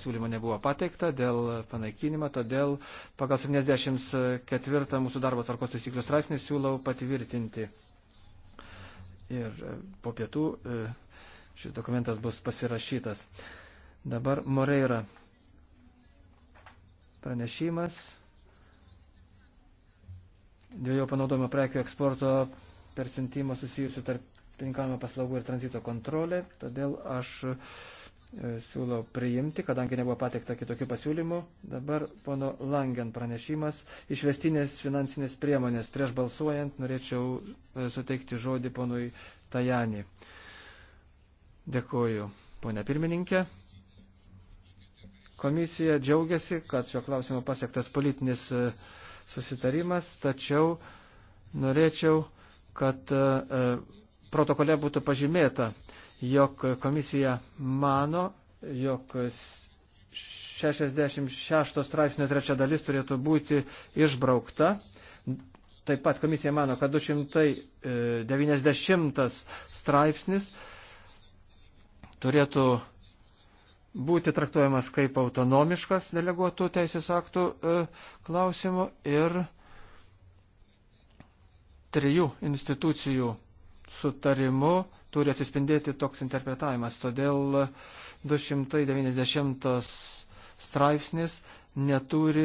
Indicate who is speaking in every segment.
Speaker 1: siūlymo nebuvo pateikta dėl panaikinimo, todėl pagal 74 mūsų darbo tvarkos taisyklių straipsnį siūlau patvirtinti. Ir e, po pietų e, šis dokumentas bus pasirašytas. Dabar Moreira pranešimas dviejų panaudojimo prekių eksporto persintimo susijusių tarp pininkavimo paslaugų ir tranzito kontrolė. Todėl aš E, siūlo priimti, kadangi nebuvo pateikta kitokių pasiūlymų. Dabar pono Langen pranešimas. Išvestinės finansinės priemonės. Prieš balsuojant norėčiau e, suteikti žodį ponui Tajani. Dėkuoju, ponė pirmininkė. Komisija džiaugiasi, kad šio klausimo pasiektas politinis e, susitarimas, tačiau norėčiau, kad protokole būtų pažymėta, jog komisija mano, jog 66 straipsnio trečia dalis turėtų būti išbraukta. Taip pat komisija mano, kad 290 e, straipsnis turėtų būti traktuojamas kaip autonomiškas deleguotų teisės aktų e, klausimų ir trijų institucijų sutarimu turi atsispindėti toks interpretavimas. Todėl 290 straipsnis neturi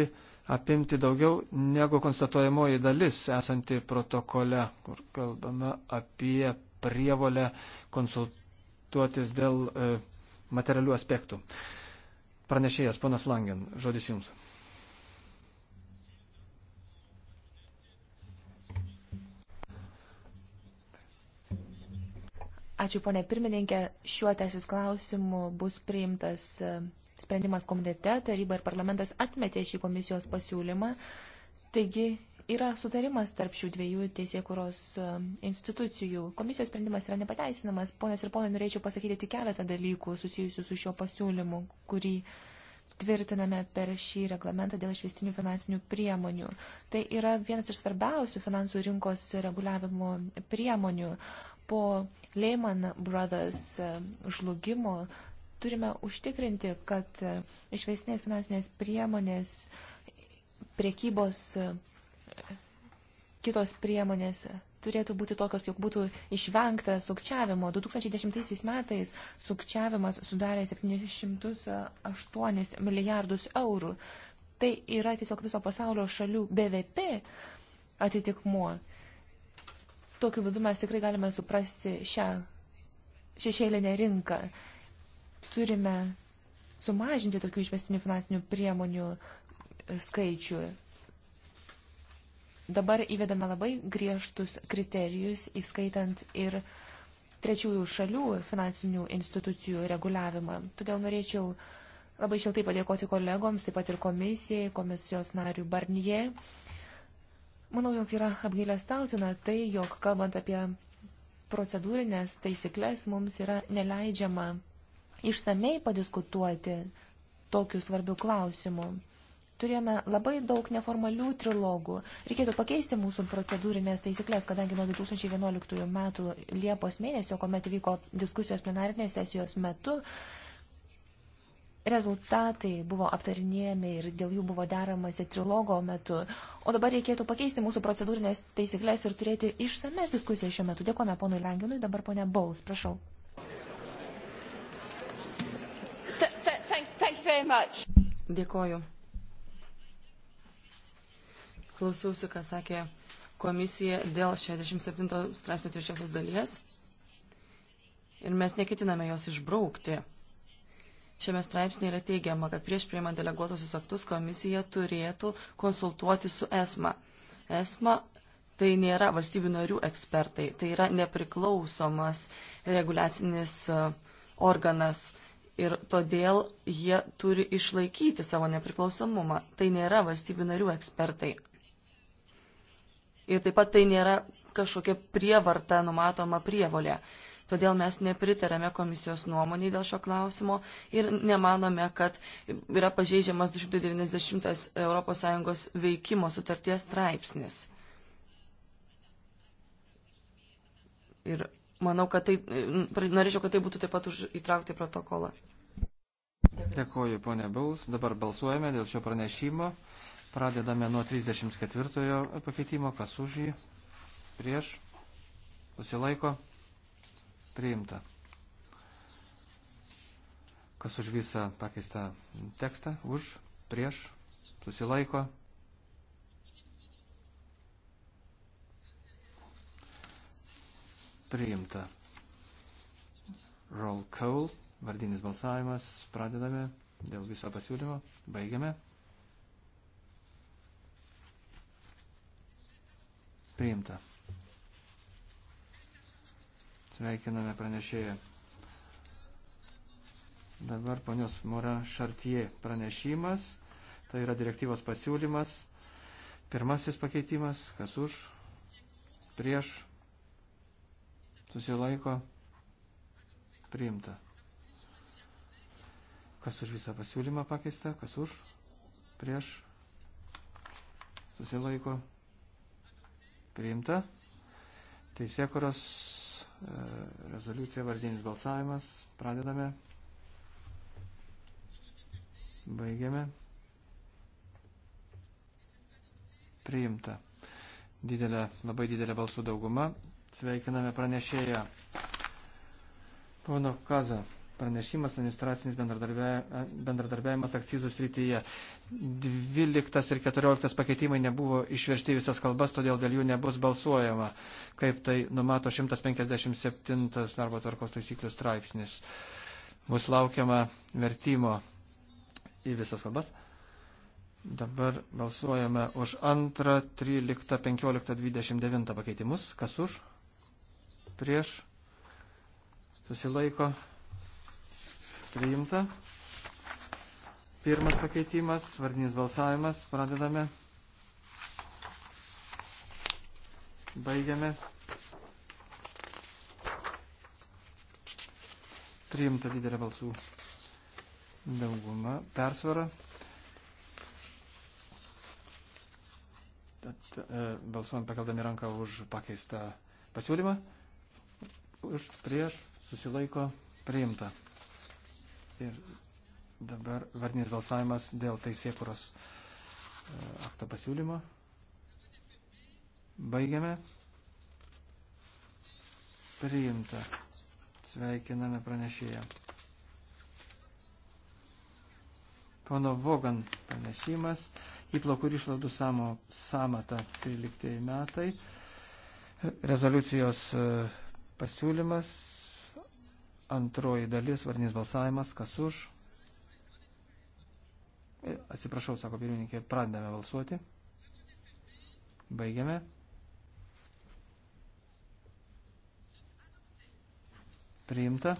Speaker 1: apimti daugiau negu konstatuojamoji dalis esanti protokole, kur kalbame apie prievolę konsultuotis dėl e, materialių aspektų. Pranešėjas, ponas Langen, žodis jums.
Speaker 2: Ačiū, ponė pirmininkė. Šiuo teisės klausimu bus priimtas e, sprendimas komitete, taryba ir parlamentas atmetė šį komisijos pasiūlymą. Taigi yra sutarimas tarp šių dviejų teisėkuros e, institucijų. Komisijos sprendimas yra nepateisinamas. Ponios ir ponai, norėčiau pasakyti tik keletą dalykų susijusių su šiuo pasiūlymu, kurį tvirtiname per šį reglamentą dėl išvestinių finansinių priemonių. Tai yra vienas iš svarbiausių finansų rinkos reguliavimo priemonių, po Lehman Brothers e, žlugimo turime užtikrinti, kad e, išvesnės finansinės priemonės, priekybos e, kitos priemonės turėtų būti tokios, jog būtų išvengta sukčiavimo. 2010 metais sukčiavimas sudarė 708 milijardus eurų. Tai yra tiesiog viso pasaulio šalių BVP atitikmuo. Tokiu būdu mes tikrai galime suprasti šią šešėlinę rinką. Turime sumažinti tokių išvestinių finansinių priemonių e, skaičių. Dabar įvedame labai griežtus kriterijus, įskaitant ir trečiųjų šalių finansinių institucijų reguliavimą. Todėl norėčiau labai šiltai padėkoti kolegoms, taip pat ir komisijai, komisijos nariu Barnie Manau, jog yra apgailestautina tai, jog kalbant apie procedūrinės taisyklės, mums yra neleidžiama išsamei padiskutuoti tokiu svarbiu klausimu. Turėjome labai daug neformalių trilogų. Reikėtų pakeisti mūsų procedūrinės taisyklės, kadangi nuo 2011 metų Liepos mėnesio, kuomet vyko diskusijos plenarinės sesijos metu, rezultatai buvo aptarinėjami ir dėl jų buvo deramasi trilogo metu. O dabar reikėtų pakeisti mūsų procedūrinės taisyklės ir turėti išsames diskusijas šiuo metu. Dėkome ponui Lenginui, dabar ponia Bauls,
Speaker 3: prašau. Dėkoju. Klausiausi, ką sakė komisija dėl 67 straipsnio trečiosios dalies ir mes neketiname jos išbraukti Šiame straipsnėje yra teigiama, kad prieš prieimant deleguotosius aktus komisija turėtų konsultuoti su ESMA. ESMA tai nėra valstybių narių ekspertai, tai yra nepriklausomas reguliacinis e, organas ir todėl jie turi išlaikyti savo nepriklausomumą. Tai nėra valstybių narių ekspertai. Ir taip pat tai nėra kažkokia prievarta numatoma prievolė. Todėl mes nepritarame komisijos nuomonį dėl šio klausimo ir nemanome, kad yra pažeidžiamas 290 ES veikimo sutarties straipsnis. Ir manau, kad tai,
Speaker 1: norėčiau, kad tai būtų taip pat už, įtraukti protokolą. Dėkuoju, ponė Bils. Dabar balsuojame dėl šio pranešimo. Pradedame nuo 34 pakeitimo, kas už jį, prieš, susilaiko priimta. Kas už visą pakeistą tekstą, už, prieš, susilaiko. Priimta. Roll call, vardinis balsavimas, pradedame dėl viso pasiūlymo, baigiame. Priimta. Sveikiname pranešėją. Dabar ponios Mora Šartie pranešimas. Tai yra direktyvos pasiūlymas. Pirmasis pakeitimas. Kas už? Prieš? Susilaiko? Priimta. Kas už visą pasiūlymą pakeista? Kas už? Prieš? Susilaiko? Priimta. Teisėkuros E, rezoliucija, vardinis balsavimas. Pradedame. Baigiame. Priimta. Didelė, labai didelė balsų dauguma. Sveikiname pranešėją. Pono Kazą pranešimas administracinis bendradarbiavimas akcizų srityje. 12 ir 14 pakeitimai nebuvo išveršti visas kalbas, todėl dėl jų nebus balsuojama, kaip tai numato 157 darbo tvarkos taisyklių straipsnis. Bus laukiama vertimo į visas kalbas. Dabar balsuojame už antrą, 13, 15, 29 pakeitimus. Kas už? Prieš? Susilaiko? priimta. Pirmas pakeitimas, vardinis balsavimas, pradedame. Baigiame. Priimta didelė balsų dauguma persvara. Tad, e, balsuojant pakeldami ranką už pakeistą pasiūlymą, už prieš susilaiko priimta. Ir dabar vardinis balsavimas dėl teisėkuros e, akto pasiūlymo. Baigiame. Priimta. Sveikiname pranešėją. Pono Vogan pranešimas. Įplaukų ir išlaidų samo, samata 13 metai. Rezoliucijos e, pasiūlymas Antroji dalis, vardinis balsavimas, kas už. E, atsiprašau, sako pirmininkė, pradedame balsuoti. Baigiame. Priimta.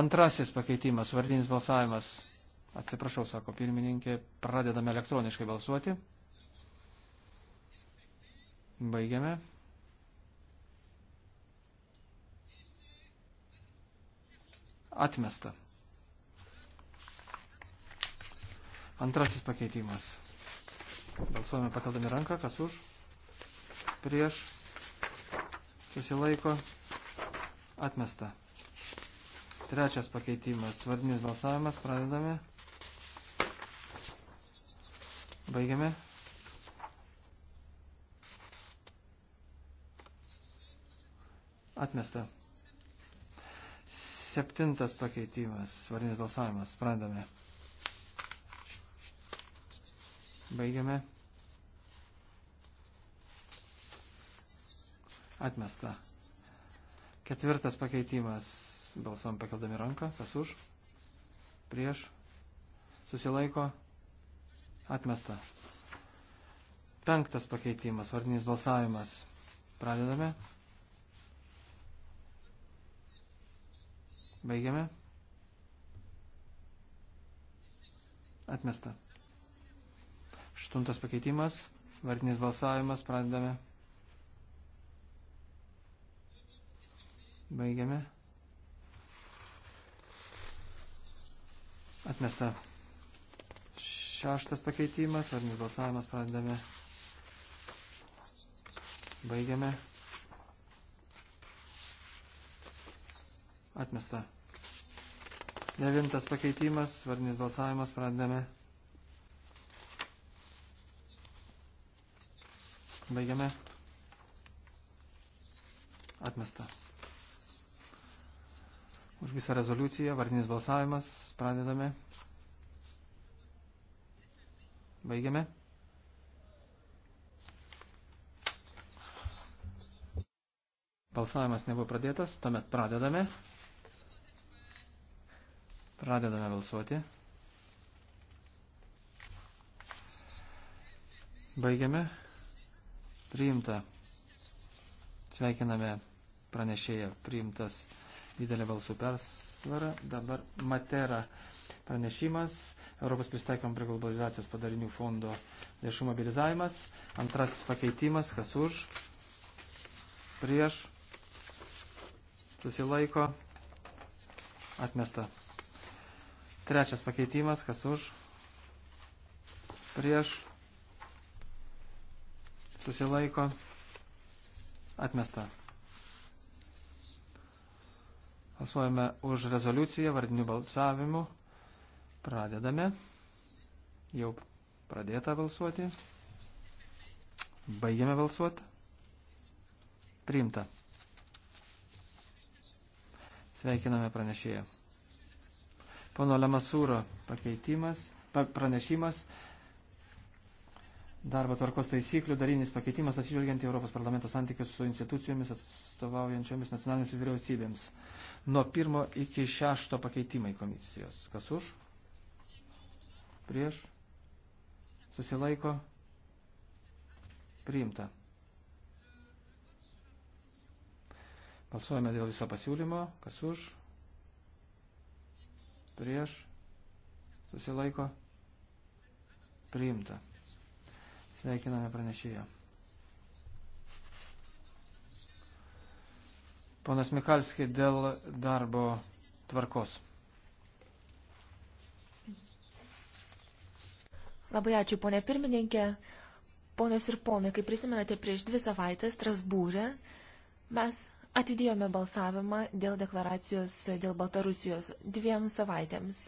Speaker 1: Antrasis pakeitimas, vardinis balsavimas. Atsiprašau, sako pirmininkė, pradedame elektroniškai balsuoti. Baigiame. Atmesta. Antrasis pakeitimas. Balsuojame pakeldami ranką, kas už, prieš, susilaiko, atmesta. Trečias pakeitimas, vardinis balsavimas, pradedame, baigiame. Atmesta. Septintas pakeitimas, varinis balsavimas, sprendame. Baigiame. Atmesta. Ketvirtas pakeitimas, balsuom pakeldami ranką, kas už, prieš, susilaiko, atmesta. Penktas pakeitimas, vardinis balsavimas, pradedame. Baigiame. Atmesta. Aštuntas pakeitimas. Vardinis balsavimas. Pradedame. Baigiame. Atmesta. Šeštas pakeitimas. Vardinis balsavimas. Pradedame. Baigiame. atmesta. Devintas pakeitimas, vardinis balsavimas, pradedame. Baigiame. Atmesta. Už visą rezoliuciją, vardinis balsavimas, pradedame. Baigiame. Balsavimas nebuvo pradėtas, tuomet pradedame. Pradedame balsuoti. Baigiame. Priimta. Sveikiname pranešėją. Priimtas didelė balsų persvara. Dabar Matera pranešimas. Europos pristaikom prie globalizacijos padarinių fondo lėšų mobilizavimas. Antrasis pakeitimas. Kas už? Prieš. Susilaiko. Atmesta. Trečias pakeitimas, kas už, prieš, susilaiko, atmesta. Balsuojame už rezoliuciją vardinių balsavimų. Pradedame. Jau pradėta balsuoti. Baigiame balsuoti. Priimta. Sveikiname pranešėją pono Lamasūro pakeitimas, pranešimas, darbo tvarkos taisyklių darinis pakeitimas atsižvelgiant į Europos parlamento santykius su institucijomis atstovaujančiomis nacionalinėms vyriausybėms. Nuo pirmo iki šešto pakeitimai komisijos. Kas už? Prieš? Susilaiko? Priimta. Balsuojame dėl viso pasiūlymo. Kas už? prieš, susilaiko, priimta. Sveikiname pranešėją. Ponas Mikalski dėl darbo tvarkos.
Speaker 2: Labai ačiū, ponė pirmininkė. Ponios ir ponai, kaip prisimenate, prieš dvi savaitės Strasbūrė mes Atidėjome balsavimą dėl deklaracijos dėl Baltarusijos dviem savaitėms.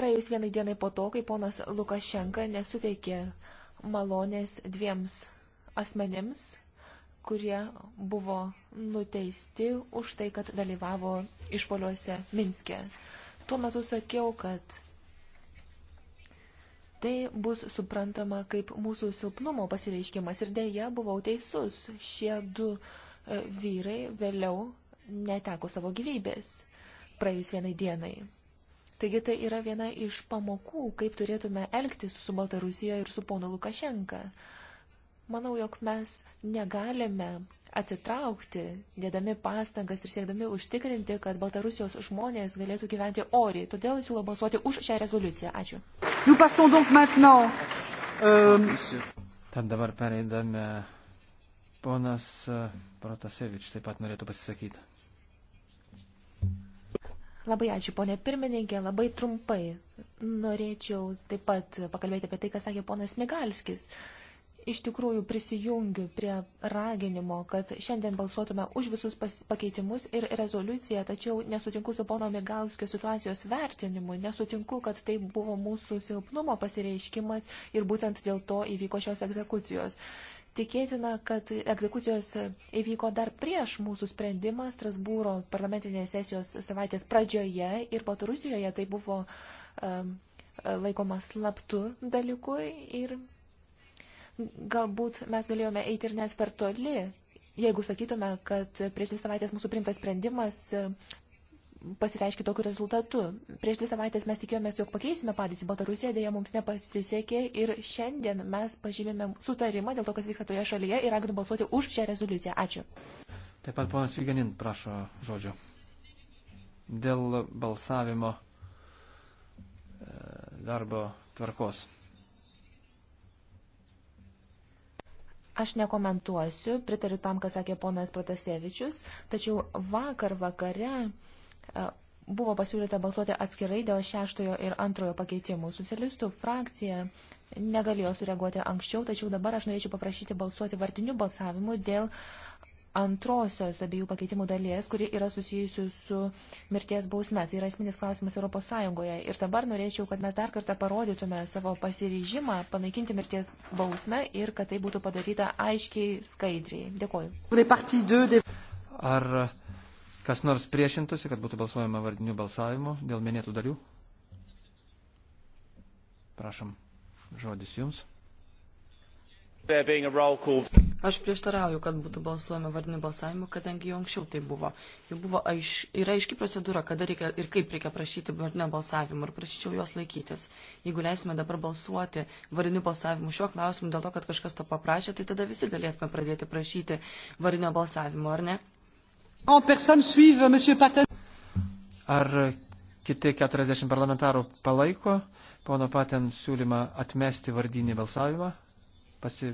Speaker 2: Praėjus vienai dienai po to, kai ponas Lukašenka nesuteikė malonės dviems asmenims, kurie buvo nuteisti už tai, kad dalyvavo išpoliuose Minske. Tuo metu sakiau, kad Tai bus suprantama kaip mūsų silpnumo pasireiškimas ir dėja buvau teisus. Šie du e, vyrai vėliau neteko savo gyvybės praėjus vienai dienai. Taigi tai yra viena iš pamokų, kaip turėtume elgtis su Baltarusija ir su ponu Lukašenka. Manau, jog mes negalime atsitraukti, dėdami pastangas ir siekdami užtikrinti, kad Baltarusijos žmonės galėtų gyventi oriai. Todėl siūlau balsuoti už šią rezoliuciją. Ačiū.
Speaker 1: Euh, Tad dabar pereidame. Ponas e, Protasevič taip pat norėtų pasisakyti.
Speaker 2: Labai ačiū, ponė pirmininkė, labai trumpai. Norėčiau taip pat pakalbėti apie tai, ką sakė ponas Migalskis. Uh, iš tikrųjų prisijungiu prie raginimo, kad šiandien balsuotume už visus pakeitimus ir rezoliuciją, tačiau nesutinku su pono Migalskio situacijos vertinimu, nesutinku, kad tai buvo mūsų silpnumo pasireiškimas ir būtent dėl to įvyko šios egzekucijos. Tikėtina, kad egzekucijos įvyko dar prieš mūsų sprendimą Strasbūro parlamentinės sesijos savaitės pradžioje ir Baltarusijoje tai buvo um, laikoma slaptų dalykui ir galbūt mes galėjome eiti ir net per toli, jeigu sakytume, kad prieš dvi savaitės mūsų primtas sprendimas e, pasireiškia tokiu rezultatu. Prieš dvi savaitės mes tikėjomės, jog pakeisime padėtį Baltarusijoje, dėja mums nepasisekė ir šiandien mes pažymime sutarimą dėl to, kas vyksta toje šalyje ir raginu balsuoti už šią rezoliuciją. Ačiū.
Speaker 1: Taip pat ponas Vyganin prašo žodžio. Dėl balsavimo e, darbo tvarkos.
Speaker 2: Aš nekomentuosiu, pritariu tam, ką sakė ponas Protasevičius, tačiau vakar vakare e, buvo pasiūlyta balsuoti atskirai dėl šeštojo ir antrojo pakeitimų. Socialistų frakcija negalėjo sureaguoti anksčiau, tačiau dabar aš norėčiau paprašyti balsuoti vartiniu balsavimu dėl uh, antrosios abiejų pakeitimų dalies, kuri yra susijusi su mirties bausme. Tai yra esminis klausimas Europos Sąjungoje. Ir dabar norėčiau, kad mes dar kartą parodytume savo pasiryžimą panaikinti mirties bausmę ir kad tai būtų padaryta aiškiai, skaidriai.
Speaker 3: Dėkoju.
Speaker 1: Ar kas nors priešintųsi, kad būtų balsuojama vardiniu balsavimu dėl minėtų dalių? Prašom, žodis jums.
Speaker 3: Aš prieštarauju, kad būtų balsuojama vardiniu balsavimu, kadangi jau anksčiau tai buvo. Jau buvo aiš, yra aiški procedūra, kada reikia ir kaip reikia prašyti vardinio balsavimo ir prašyčiau jos laikytis. Jeigu leisime dabar balsuoti vardiniu balsavimu šiuo klausimu dėl to, kad kažkas to paprašė, tai tada visi galėsime pradėti prašyti vardinio balsavimo, ar ne?
Speaker 1: Ar kiti 40 parlamentarų palaiko pono Paten siūlymą atmesti vardinį balsavimą? Pasi...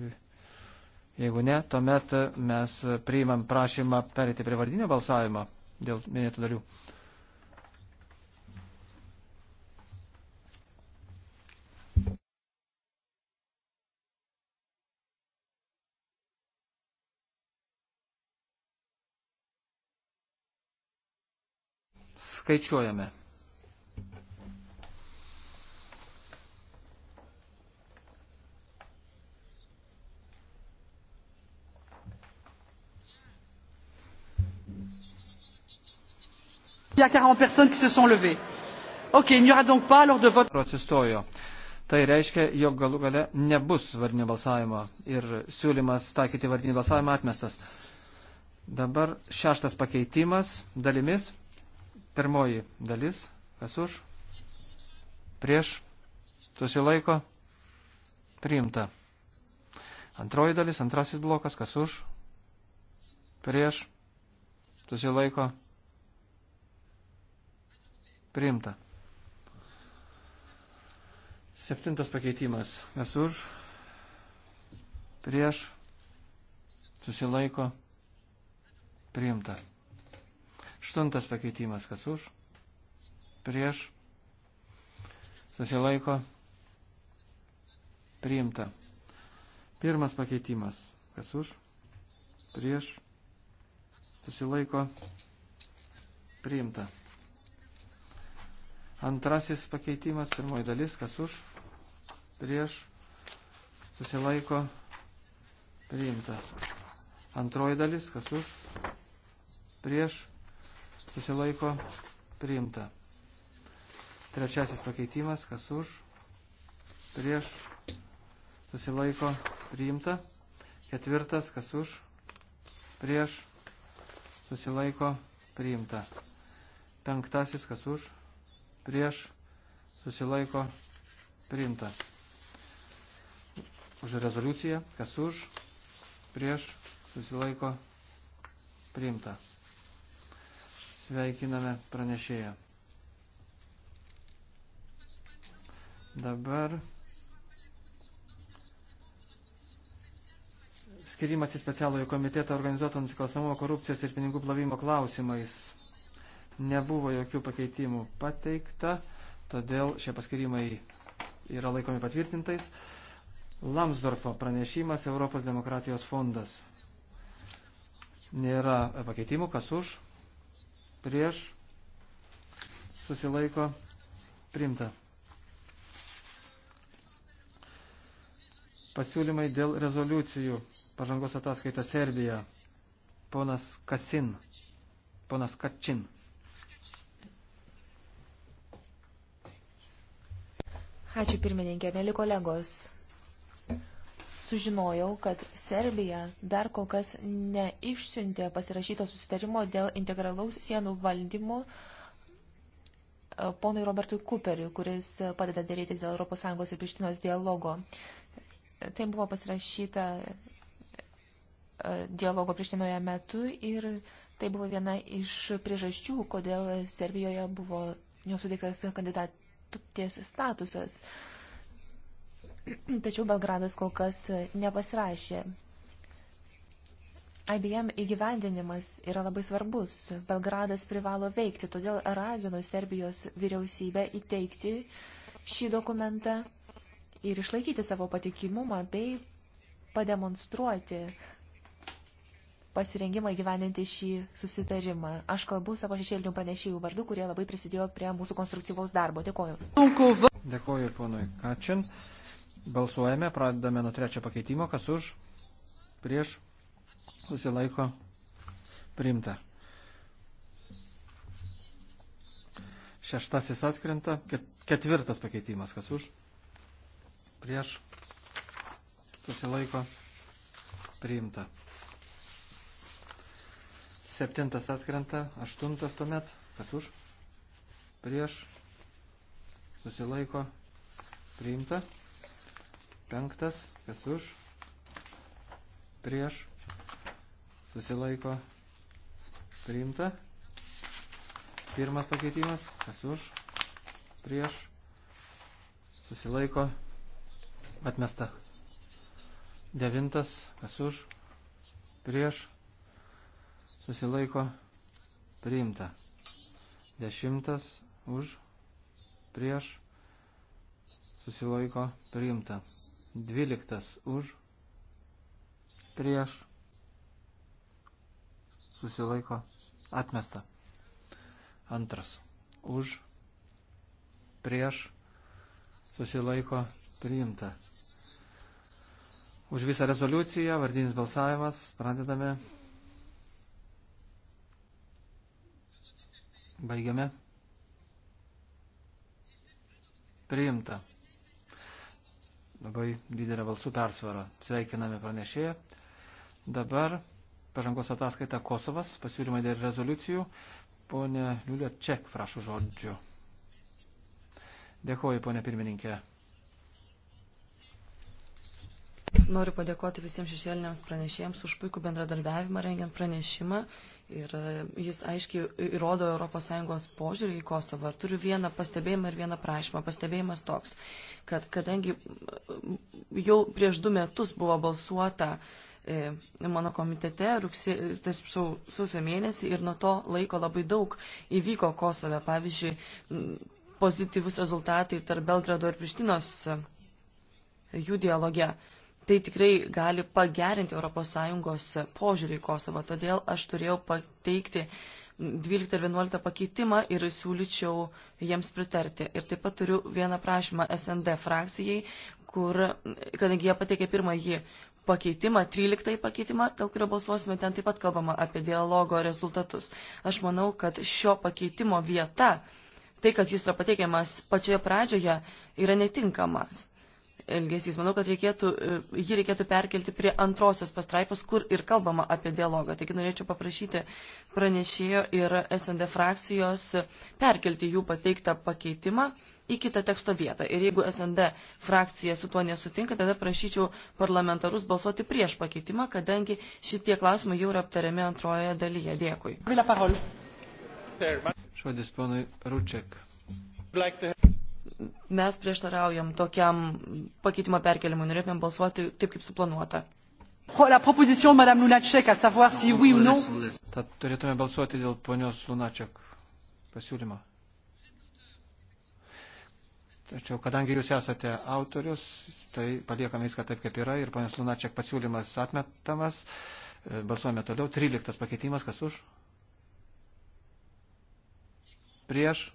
Speaker 1: Jeigu ne, tuomet mes priimam prašymą perėti prie vardinio balsavimo dėl minėtų dalių. skaičiuojame. Atsistojo. Tai reiškia, jog galų gale nebus vardinio balsavimo ir siūlymas taikyti vardinį balsavimą atmestas. Dabar šeštas pakeitimas dalimis. Pirmoji dalis. Kas už? Prieš. Susilaiko. Priimta. Antroji dalis, antrasis blokas. Kas už? Prieš. Susilaiko priimta. Septintas pakeitimas. Mes už, prieš, susilaiko, priimta. Aštuntas pakeitimas. Kas už, prieš, susilaiko, priimta. Pirmas pakeitimas. Kas už, prieš, susilaiko, priimta. Antrasis pakeitimas, pirmoji dalis, kas už, prieš, susilaiko, priimta. Antroji dalis, kas už, prieš, susilaiko, priimta. Trečiasis pakeitimas, kas už, prieš, susilaiko, priimta. Ketvirtas, kas už, prieš, susilaiko, priimta. Penktasis, kas už, prieš prieš, susilaiko priimta. Už rezoliuciją, kas už, prieš, susilaiko priimta. Sveikiname pranešėją. Dabar skirimas į specialųjį komitetą organizuoto nusikalstamumo korupcijos ir pinigų plovimo klausimais nebuvo jokių pakeitimų pateikta, todėl šie paskirimai yra laikomi patvirtintais. Lamsdorfo pranešimas Europos demokratijos fondas. Nėra pakeitimų, kas už, prieš, susilaiko, primta. Pasiūlymai dėl rezoliucijų. Pažangos ataskaita Serbija. Ponas Kasin. Ponas Kačin.
Speaker 2: Ačiū pirmininkė, mėly kolegos. Sužinojau, kad Serbija dar kol kas neišsiuntė pasirašyto susitarimo dėl integralaus sienų valdymo e, ponui Robertui Cooperiu, kuris padeda dėrėtis dėl ES ir Prištinos dialogo. Tai buvo pasirašyta e, dialogo Prištinoje metu ir tai buvo viena iš priežasčių, kodėl Serbijoje buvo nesuteiktas kandidat, sutarties statusas. Tačiau Belgradas kol kas nepasirašė. IBM įgyvendinimas yra labai svarbus. Belgradas privalo veikti, todėl raginu Serbijos vyriausybę įteikti šį dokumentą ir išlaikyti savo patikimumą bei pademonstruoti, pasirengimą įgyvendinti šį susitarimą. Aš kalbu savo šešėlinių pranešėjų vardu, kurie labai prisidėjo prie mūsų konstruktyvaus darbo. Dėkoju.
Speaker 1: Dėkoju ponui Kačin. Balsuojame, pradedame nuo trečio pakeitimo, kas už, prieš, susilaiko, priimta. Šeštasis atkrenta, ketvirtas pakeitimas, kas už, prieš, susilaiko, priimta. Septintas atkrenta, aštuntas tuomet, kas už, prieš, susilaiko, priimta. Penktas, kas už, prieš, susilaiko, priimta. Pirmas pakeitimas, kas už, prieš, susilaiko, atmesta. Devintas, kas už, prieš, susilaiko priimta. Dešimtas už prieš susilaiko priimta. Dvyliktas už prieš susilaiko atmesta. Antras už prieš susilaiko priimta. Už visą rezoliuciją vardinis balsavimas pradedame. Baigiame. Priimta. Labai didelė balsų persvara. Sveikiname pranešėją. Dabar pažangos ataskaita Kosovas, pasiūlymai dėl rezoliucijų. Pone Liulio Ček, prašau žodžiu. Dėkuoju, ponė pirmininkė. Noriu
Speaker 3: padėkoti visiems šešėliniams pranešėjams už puikų bendradarbiavimą rengiant pranešimą. Ir e, jis aiškiai įrodo ES požiūrį į Kosovą. Turiu vieną pastebėjimą ir vieną prašymą. Pastebėjimas toks, kad kadangi jau prieš du metus buvo balsuota e, mano komitete rugsė, taisau, sausio mėnesį ir nuo to laiko labai daug įvyko Kosove. Pavyzdžiui, pozityvus rezultatai tarp Belgrado ir Prištinos e, jų dialoge tai tikrai gali pagerinti ES požiūrį į Kosovą. Todėl aš turėjau pateikti 12 ir 11 pakeitimą ir siūlyčiau jiems pritarti. Ir taip pat turiu vieną prašymą SND frakcijai, kur, kadangi jie pateikė pirmąjį pakeitimą, 13 pakeitimą, dėl kurio balsuosime, ten taip pat kalbama apie dialogo rezultatus. Aš manau, kad šio pakeitimo vieta, tai, kad jis yra pateikiamas pačioje pradžioje, yra netinkamas elgesys. Manau, kad reikėtų, e, jį reikėtų perkelti prie antrosios pastraipos, kur ir kalbama apie dialogą. Taigi norėčiau paprašyti pranešėjo ir SND frakcijos perkelti jų pateiktą pakeitimą į kitą teksto vietą. Ir jeigu SND frakcija su tuo nesutinka, tada prašyčiau parlamentarus balsuoti prieš pakeitimą, kadangi šitie klausimai jau yra aptariami antrojoje dalyje. Dėkui.
Speaker 1: Šodis ponui Ručiak
Speaker 3: mes prieštaraujam tokiam pakeitimo perkelimui, norėtumėm balsuoti taip, kaip suplanuota. Oh, la proposition, madame Lunacek, à savoir si oui ou non.
Speaker 1: Tad turėtume balsuoti dėl ponios Lunacek pasiūlymo. Tačiau, kadangi jūs esate autorius, tai paliekame viską taip, kaip yra ir ponios Lunačiak pasiūlymas atmetamas. E, balsuojame toliau. 13 pakeitimas, kas už? Prieš?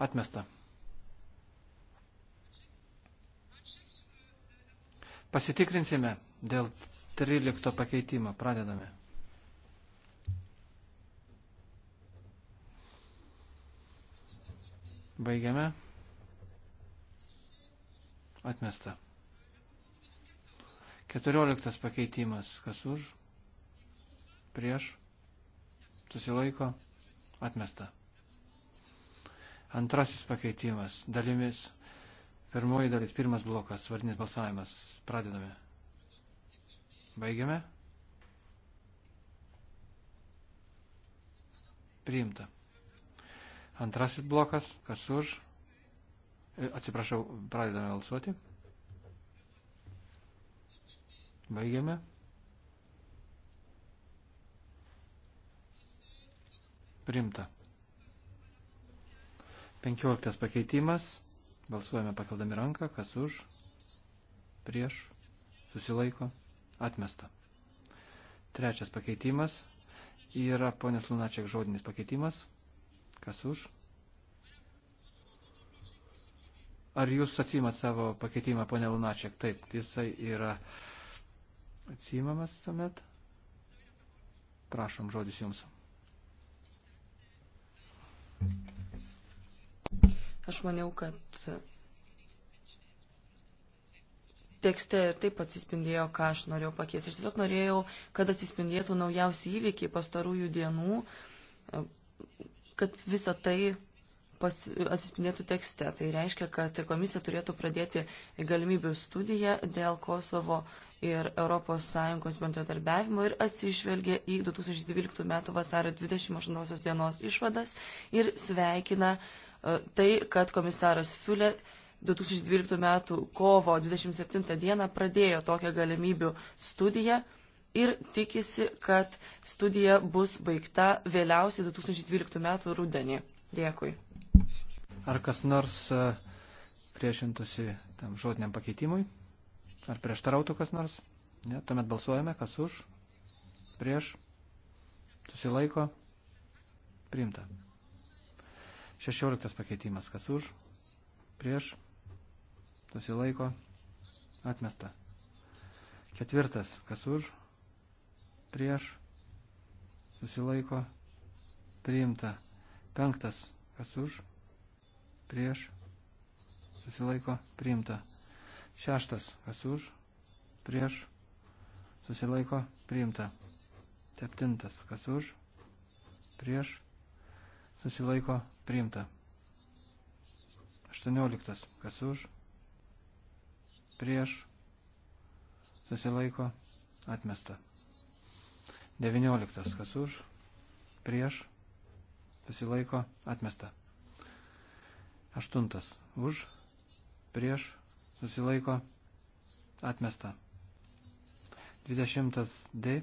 Speaker 1: Atmesta. Pasitikrinsime dėl 13 pakeitimo. Pradedame. Baigiame. Atmesta. 14 pakeitimas. Kas už? Prieš? Susilaiko? Atmesta. Antrasis pakeitimas dalimis. Pirmoji dalis, pirmas blokas, vardinis balsavimas. Pradedame. Baigiame. Priimta. Antrasis blokas, kas už. E, atsiprašau, pradedame balsuoti. Baigiame. Primta. Penkioliktas pakeitimas. Balsuojame pakeldami ranką, kas už, prieš, susilaiko, atmesta. Trečias pakeitimas yra ponės Lunačiak žodinis pakeitimas. Kas už? Ar jūs atsimat savo pakeitimą, ponė Lunačiak? Taip, jisai yra atsimamas tuomet. Prašom, žodis jums.
Speaker 3: Thank you. Aš maniau, kad tekste ir taip atsispindėjo, ką aš norėjau pakeisti. Aš tiesiog norėjau, kad atsispindėtų naujausi įvykiai pastarųjų dienų, kad visa tai pas, atsispindėtų tekste. Tai reiškia, kad komisija turėtų pradėti galimybių studiją dėl Kosovo ir ES bendradarbiavimo ir atsižvelgia į 2012 m. vasario 28 dienos išvadas ir sveikina uh, E, tai, kad komisaras Fiulė 2012 m. kovo 27 d. pradėjo tokią galimybių studiją ir tikisi, kad studija bus baigta vėliausiai 2012 m. rudenį.
Speaker 1: Dėkui. Ar kas nors e, priešintųsi tam žodiniam pakeitimui? Ar prieštarautų kas nors? Ne, tuomet balsuojame, kas už, prieš, susilaiko, priimta. 16 pakeitimas. Kas už? Prieš? Susilaiko? Atmesta. Ketvirtas. Kas už? Prieš? Susilaiko? Priimta. Penktas. Kas už? Prieš? Susilaiko? Priimta. Šeštas. Kas už? Prieš? Susilaiko? Priimta. Septintas. Kas už? Prieš? susilaiko priimta. 18. Kas už, prieš, susilaiko atmesta. 19. Kas už, prieš, susilaiko atmesta. 8. Už, prieš, susilaiko atmesta. 20. D.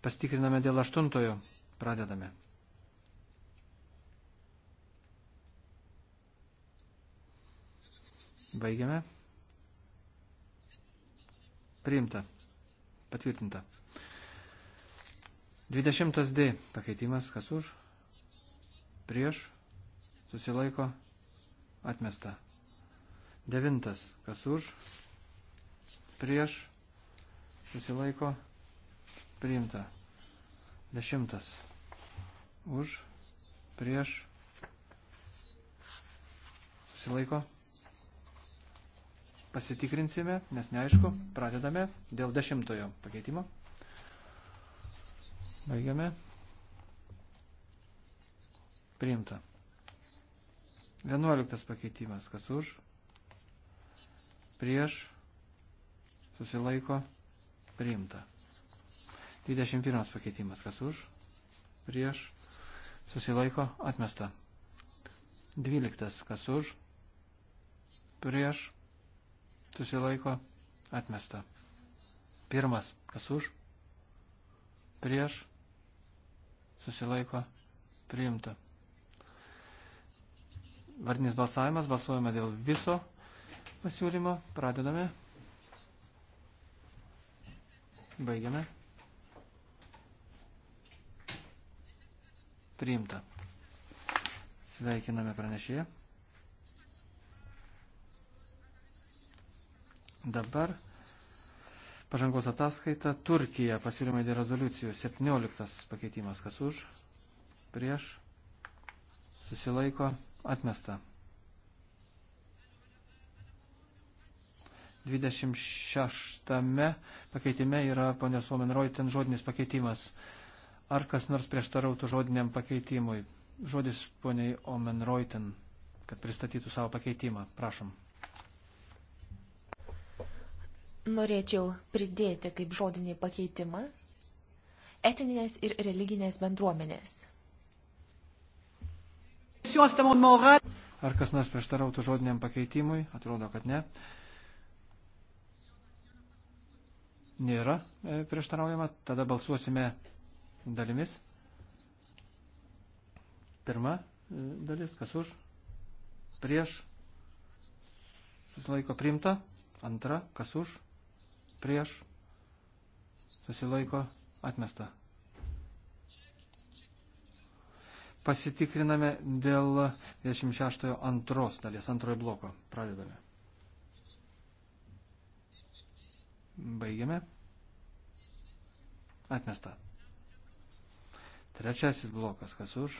Speaker 1: Pastikriname dėl aštuntojo. Pradedame. Baigiame. Priimta. Patvirtinta. 20 D pakeitimas, kas už, prieš, susilaiko, atmesta. 9 kas už, prieš, susilaiko, priimta. 10 už, prieš, susilaiko, atmesta pasitikrinsime, nes neaišku. Pradedame dėl dešimtojo pakeitimo. Baigiame. Priimta. Vienuoliktas pakeitimas. Kas už? Prieš. Susilaiko. Priimta. 21 pakeitimas. Kas už? Prieš. Susilaiko. Atmesta. 12. Kas už? Prieš susilaiko, atmesta. Pirmas, kas už, prieš, susilaiko, priimta. Vardinis balsavimas, balsuojame dėl viso pasiūlymo, pradedame, baigiame, priimta. Sveikiname pranešėją. Dabar pažangos ataskaita Turkija pasiūlymai dėl rezoliucijų 17 pakeitimas. Kas už? Prieš? Susilaiko? Atmesta. 26 pakeitime yra ponios Omenroj ten žodinis pakeitimas. Ar kas nors prieštarautų žodiniam pakeitimui? Žodis poniai Omenroj ten, kad pristatytų savo pakeitimą. Prašom
Speaker 2: norėčiau pridėti kaip žodinį pakeitimą etinės ir religinės bendruomenės.
Speaker 1: Ar kas nors prieštarautų žodiniam pakeitimui? Atrodo, kad ne. Nėra e, prieštaraujama. Tada balsuosime dalimis. Pirma e, dalis, kas už, prieš, susilaiko primta. Antra, kas už, prieš, susilaiko, atmesta. Pasitikriname dėl 26 antros dalies, antrojo bloko. Pradedame. Baigiame. Atmesta. Trečiasis blokas, kas už,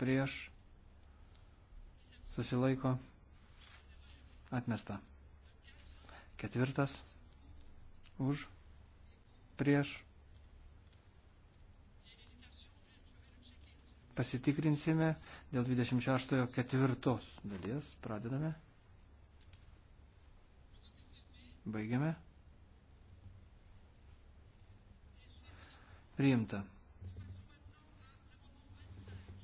Speaker 1: prieš, susilaiko, atmesta. Ketvirtas. Už. Prieš. Pasitikrinsime dėl 26 ketvirtos dalies. Pradedame. Baigiame. Priimta.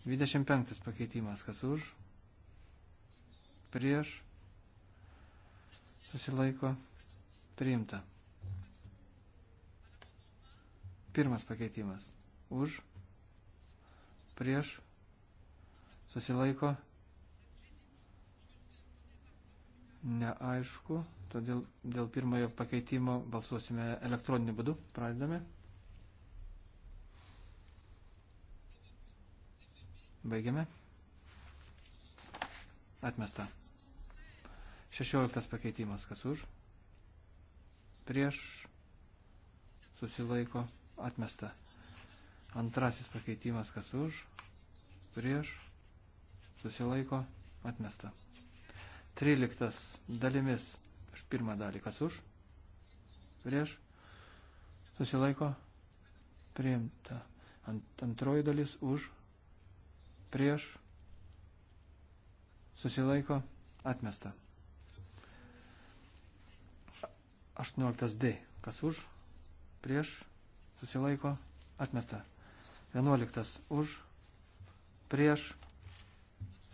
Speaker 1: 25 pakeitimas. Kas už? Prieš. Susilaiko. Priimta. Pirmas pakeitimas. Už. Prieš. Susilaiko. Neaišku. Todėl dėl pirmojo pakeitimo balsuosime elektroniniu būdu. Pradedame. Baigiame. Atmesta. Šešioliktas pakeitimas. Kas už? prieš susilaiko atmesta. Antrasis pakeitimas kas už, prieš susilaiko atmesta. Tryliktas dalimis už pirmą dalį kas už, prieš susilaiko priimta. Ant, antroji dalis už, prieš susilaiko atmesta. 18D. Kas už, prieš, susilaiko, atmesta. 11 už, prieš,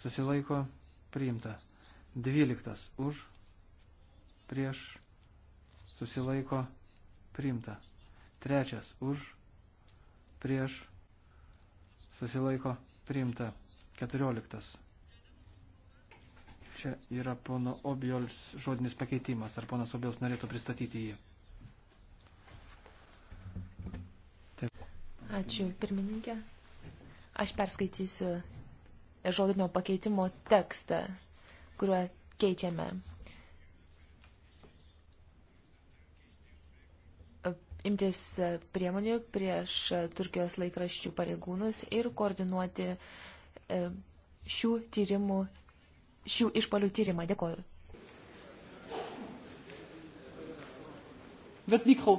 Speaker 1: susilaiko, priimta. 12 už, prieš, susilaiko, priimta. 3 už, prieš, susilaiko, priimta. 14 Čia yra pono Obiols žodinis pakeitimas. Ar ponas Obiols norėtų pristatyti jį? Taip.
Speaker 2: Ačiū, pirmininkė. Aš perskaitysiu žodinio pakeitimo tekstą, kuriuo keičiame imtis priemonių prieš Turkijos laikraščių pareigūnus ir koordinuoti e, šių tyrimų šių išpalių tyrimą. Dėkoju.
Speaker 1: Bet mikro.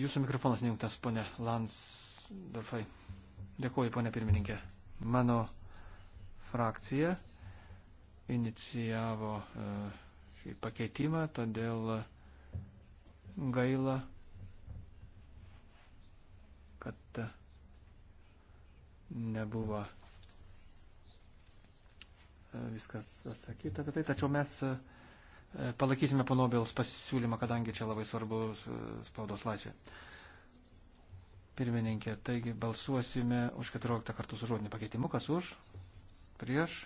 Speaker 1: Jūsų mikrofonas neįjungtas, ponė Lansdorfai. Dėkoju, ponė pirmininkė. Mano frakcija inicijavo e, šį pakeitimą, todėl gaila, kad nebuvo viskas pasakyta apie tai, tačiau mes e, palaikysime panobėlus pasiūlymą, kadangi čia labai svarbu e, spaudos laisvė. Pirmininkė, taigi balsuosime už 14 kartų su žodiniu pakeitimu, kas už, prieš,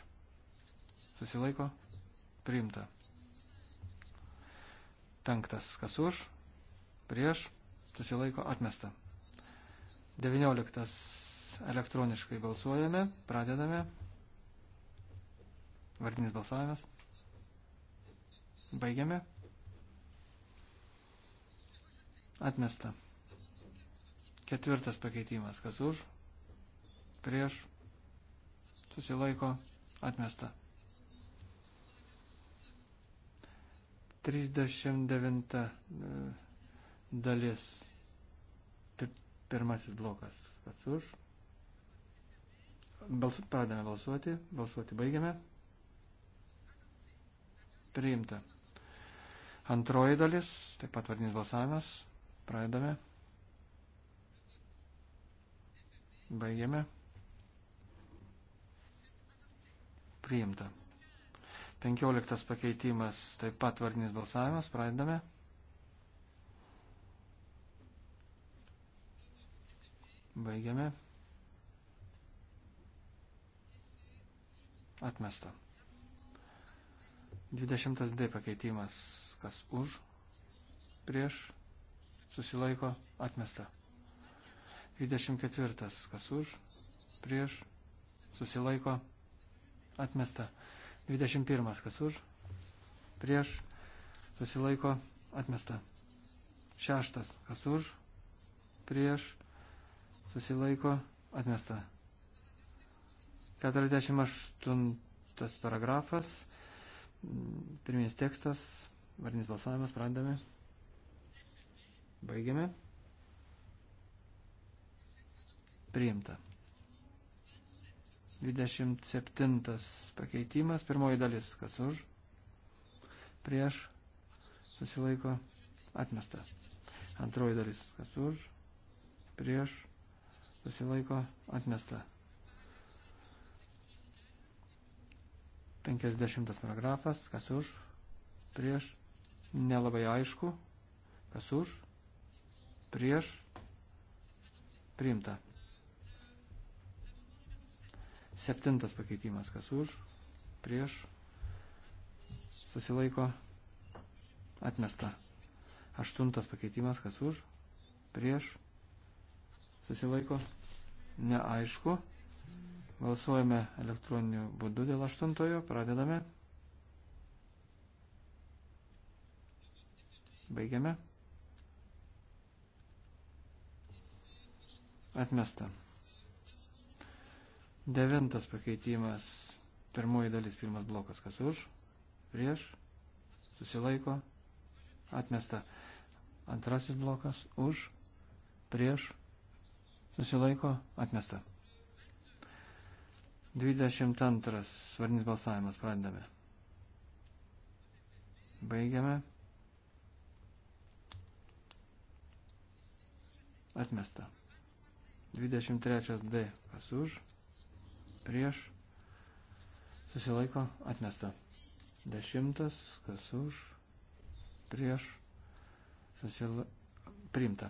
Speaker 1: susilaiko, priimta. Penktas, kas už, prieš, susilaiko, atmesta. 19 elektroniškai balsuojame, pradedame. Vardinis balsavimas. Baigiame. Atmesta. Ketvirtas pakeitimas. Kas už? Prieš. Susilaiko. Atmesta. 39 e, dalis. Pirmasis blokas. Kas už? Balsu, pradame balsuoti. Balsuoti baigiame priimta. Antroji dalis, taip pat vardinis balsavimas, pradedame. Baigiame. Priimta. 15 pakeitimas, taip pat vardinis balsavimas, pradedame. Baigiame. Atmesta. 20D pakeitimas, kas už, prieš, susilaiko, atmesta. 24, kas už, prieš, susilaiko, atmesta. 21, kas už, prieš, susilaiko, atmesta. 6, kas už, prieš, susilaiko, atmesta. 48 paragrafas Pirminis tekstas, vardinis balsavimas, pradame. Baigiame. Priimta. 27 pakeitimas, pirmoji dalis, kas už, prieš, susilaiko, atmesta. Antroji dalis, kas už, prieš, susilaiko, atmesta. 50 paragrafas, kas už, prieš, nelabai aišku, kas už, prieš, priimta. Septintas pakeitimas, kas už, prieš, susilaiko, atmesta. Aštuntas pakeitimas, kas už, prieš, susilaiko, neaišku, Balsuojame elektroniniu būdu dėl aštuntojo. Pradedame. Baigiame. Atmesta. Devintas pakeitimas. Pirmoji dalis, pirmas blokas. Kas už? Prieš? Susilaiko? Atmesta. Antrasis blokas. Už? Prieš? Susilaiko? Atmesta. 22. Svarinis balsavimas. Pradedame. Baigiame. Atmesta. 23. D. Kas už? Prieš. Susilaiko. Atmesta. 10. Kas už? Prieš. Susilaiko. Primta.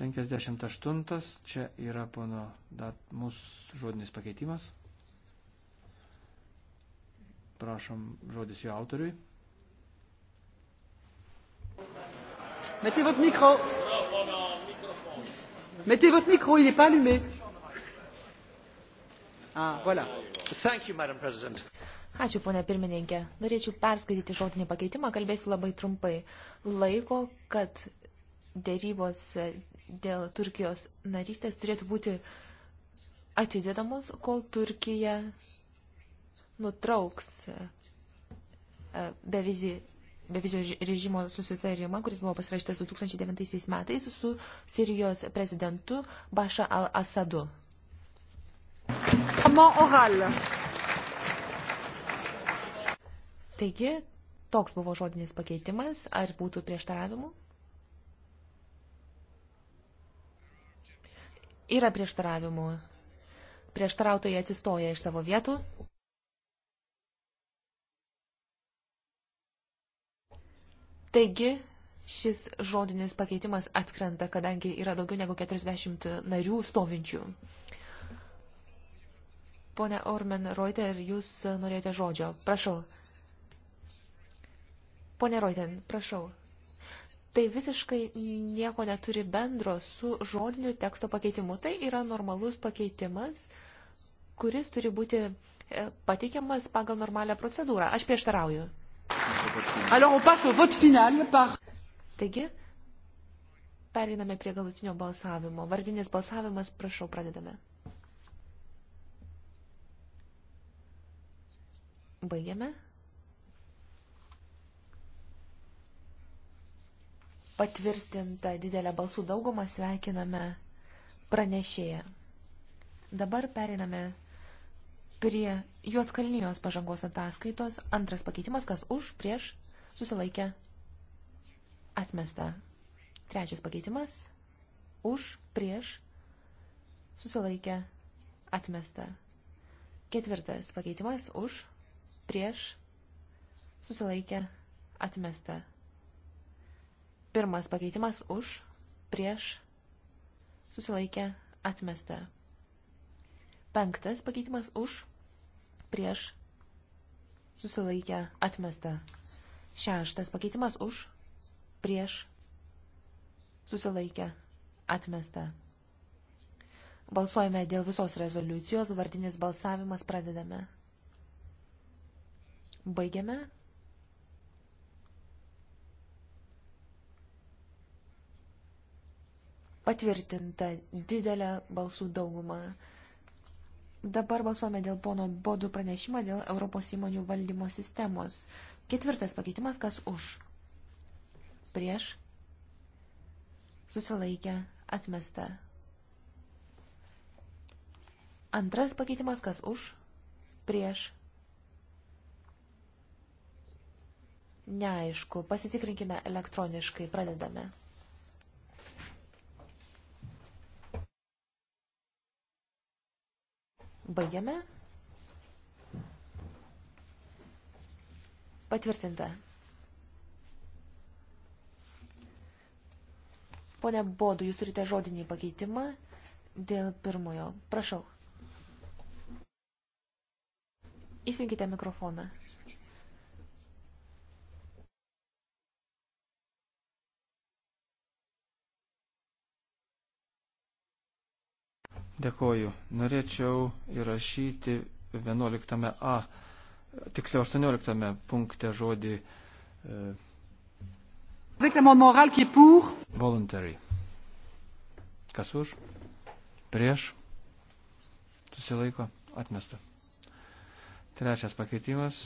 Speaker 1: 58, čia yra pono dat, mūsų žodinis pakeitimas. Prašom žodis jo autoriui. Mettez votre micro. Mettez votre micro, il n'est pas allumé. Ah, voilà. Thank you, Madam President.
Speaker 2: Ačiū, ponė pirmininkė. Norėčiau perskaityti žodinį pakeitimą, kalbėsiu labai trumpai. Laiko, kad dėrybos dėl Turkijos narystės turėtų būti atidedamos, kol Turkija nutrauks e, bevizį bevizio režimo susitarimą, kuris buvo pasirašytas 2009 metais su Sirijos prezidentu Baša al-Asadu. Taigi, toks buvo žodinis pakeitimas, ar būtų prieštaravimų? Yra prieštaravimų. Prieštarautojai atsistoja iš savo vietų. Taigi, šis žodinis pakeitimas atkrenta, kadangi yra daugiau negu 40 narių stovinčių. Pone Ormen Reuter, jūs norėjote žodžio. Prašau. Pone Reuter, prašau tai visiškai nieko neturi bendro su žodiniu teksto pakeitimu. Tai yra normalus pakeitimas, kuris turi būti e, pateikiamas pagal normalią procedūrą. Aš prieštarauju. Taigi, pereiname prie galutinio balsavimo. Vardinis balsavimas, prašau, pradedame. Baigiame. patvirtinta didelė balsų dauguma, sveikiname pranešėją. Dabar periname prie Juotkalnijos pažangos ataskaitos. Antras pakeitimas, kas už, prieš, susilaikė, atmesta. Trečias pakeitimas, už, prieš, susilaikė, atmesta. Ketvirtas pakeitimas, už, prieš, susilaikė, atmesta. Pirmas pakeitimas už, prieš, susilaikė, atmesta. Penktas pakeitimas už, prieš, susilaikė, atmesta. Šeštas pakeitimas už, prieš, susilaikė, atmesta. Balsuojame dėl visos rezoliucijos, vardinis balsavimas pradedame. Baigiame. patvirtinta didelė balsų dauguma. Dabar balsuome dėl pono Bodų pranešimą dėl Europos įmonių valdymo sistemos. Ketvirtas pakeitimas, kas už? Prieš? Susilaikę? Atmesta? Antras pakeitimas, kas už? Prieš? Neaišku, pasitikrinkime elektroniškai, pradedame. Baigiame. Patvirtinta. Pone Bodu, jūs turite žodinį pakeitimą dėl pirmojo. Prašau. Įsijungite mikrofoną.
Speaker 1: Dėkoju. Norėčiau įrašyti 11a, tiksliau 18 punkte žodį. E, Voluntary. Kas už? Prieš? Susilaiko? Atmesta. Trečias pakeitimas.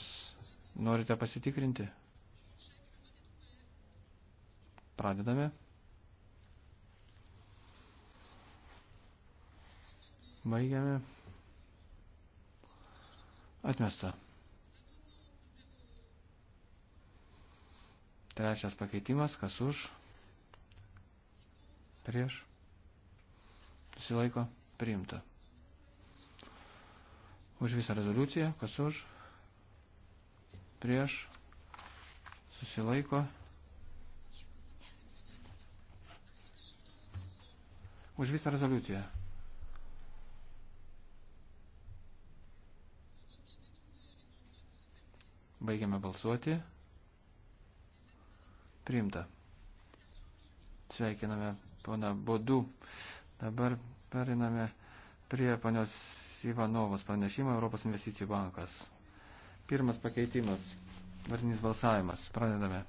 Speaker 1: Norite pasitikrinti? Pradedame. Baigiame. Atmesta. Trečias pakeitimas, kas už, prieš, susilaiko, priimta. Už visą rezoliuciją, kas už, prieš, susilaiko. Už visą rezoliuciją. Baigiame balsuoti. Priimta. Sveikiname pana Bodu. Dabar periname prie panios Ivanovos pranešimo Europos investicijų bankas. Pirmas pakeitimas. Vardinis balsavimas. Pradedame.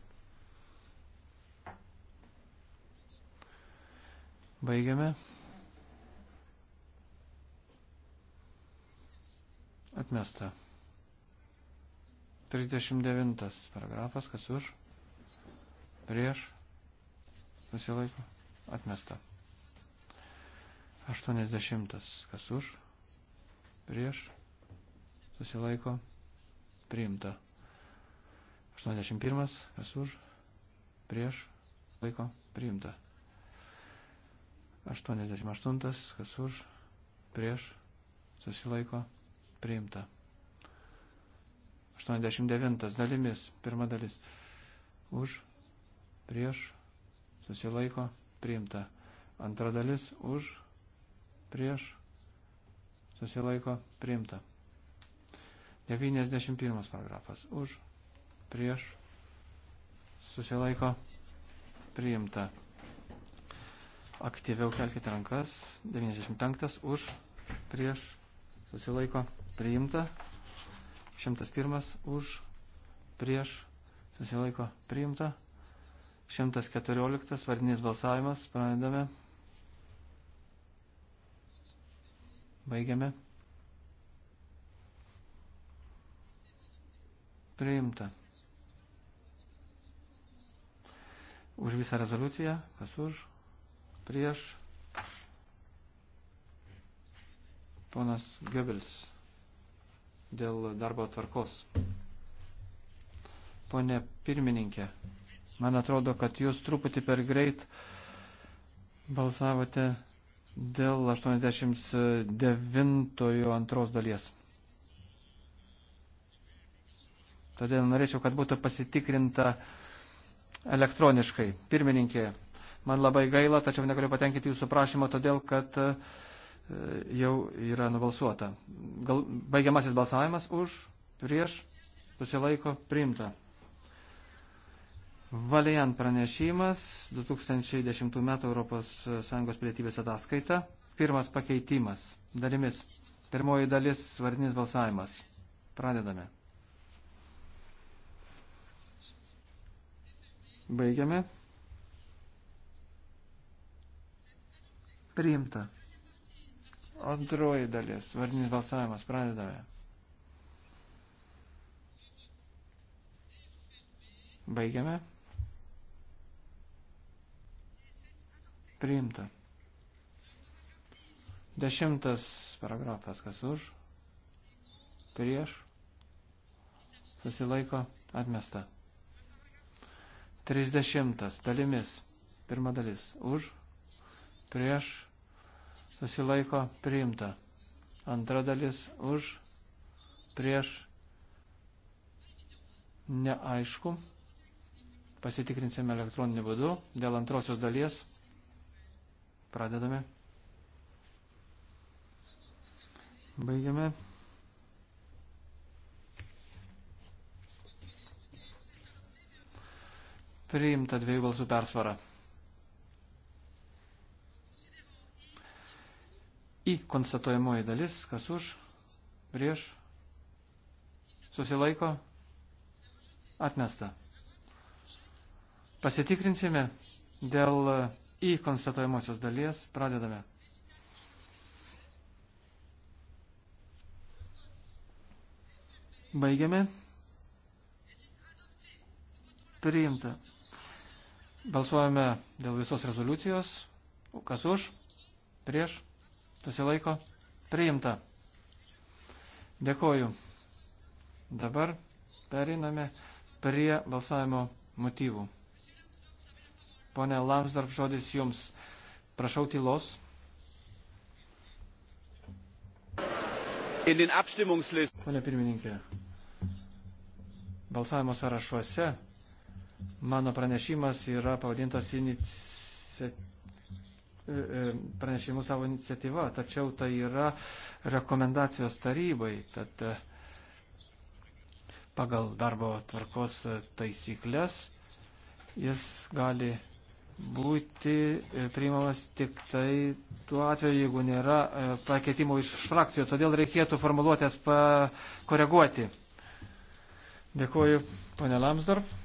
Speaker 1: Baigiame. Atmesta. 39 paragrafas, kas už, prieš, susilaiko, atmesta. 80 kas už, prieš, susilaiko, priimta. 81 kas už, prieš, laiko, priimta. 88 kas už, prieš, susilaiko, priimta. 89 dalimis, pirma dalis. Už, prieš, susilaiko, priimta. Antra dalis, už, prieš, susilaiko, priimta. 91 paragrafas. Už, prieš, susilaiko, priimta. Aktyviau kelkite rankas. 95 už, prieš, susilaiko, priimta. 101 už, prieš, susilaiko priimta. 114 vardinis balsavimas, pradedame. Baigiame. Priimta. Už visą rezoliuciją, kas už, prieš, ponas Goebbels dėl darbo tvarkos. Pone pirmininkė, man atrodo, kad jūs truputį per greit balsavote dėl 89 antros dalies. Todėl norėčiau, kad būtų pasitikrinta elektroniškai. Pirmininkė, man labai gaila, tačiau negaliu patenkinti jūsų prašymo, todėl kad uh, jau yra nubalsuota. Gal, baigiamasis balsavimas už, prieš, susilaiko, priimta. Valiant pranešimas 2010 m. ES pilietybės ataskaita. Pirmas pakeitimas. Dalimis. Pirmoji dalis svardinis balsavimas. Pradedame. Baigiame. Priimta. Antroji dalis. Vardinis balsavimas. Pradedame. Baigiame. Priimta. Dešimtas paragrafas. Kas už? Prieš. Susilaiko. Atmesta. Trisdešimtas dalimis. Pirma dalis. Už. Prieš susilaiko priimta. Antra dalis už, prieš, neaišku. Pasitikrinsime elektroninį būdų. Dėl antrosios dalies pradedame. Baigiame. Priimta dviejų balsų persvara. į konstatuojamoji dalis, kas už, prieš, susilaiko, atmesta. Pasitikrinsime dėl į konstatuojamosios dalies, pradedame. Baigiame. Priimta. Balsuojame dėl visos rezoliucijos. Kas už? Prieš? susilaiko, priimta. Dėkoju. Dabar periname prie balsavimo motyvų. Pone Lamsdorp, žodis jums. Prašau tylos. Pone pirmininkė, balsavimo sąrašuose mano pranešimas yra pavadintas iniciatyva E, e, pranešimų savo iniciatyva, tačiau tai yra rekomendacijos tarybai. Tad e, pagal darbo tvarkos taisyklės jis gali būti priimamas tik tai tuo atveju, jeigu nėra pakeitimo iš frakcijų. Todėl reikėtų formuluotės pakoreguoti. Dėkuoju, ponė Lamsdorf.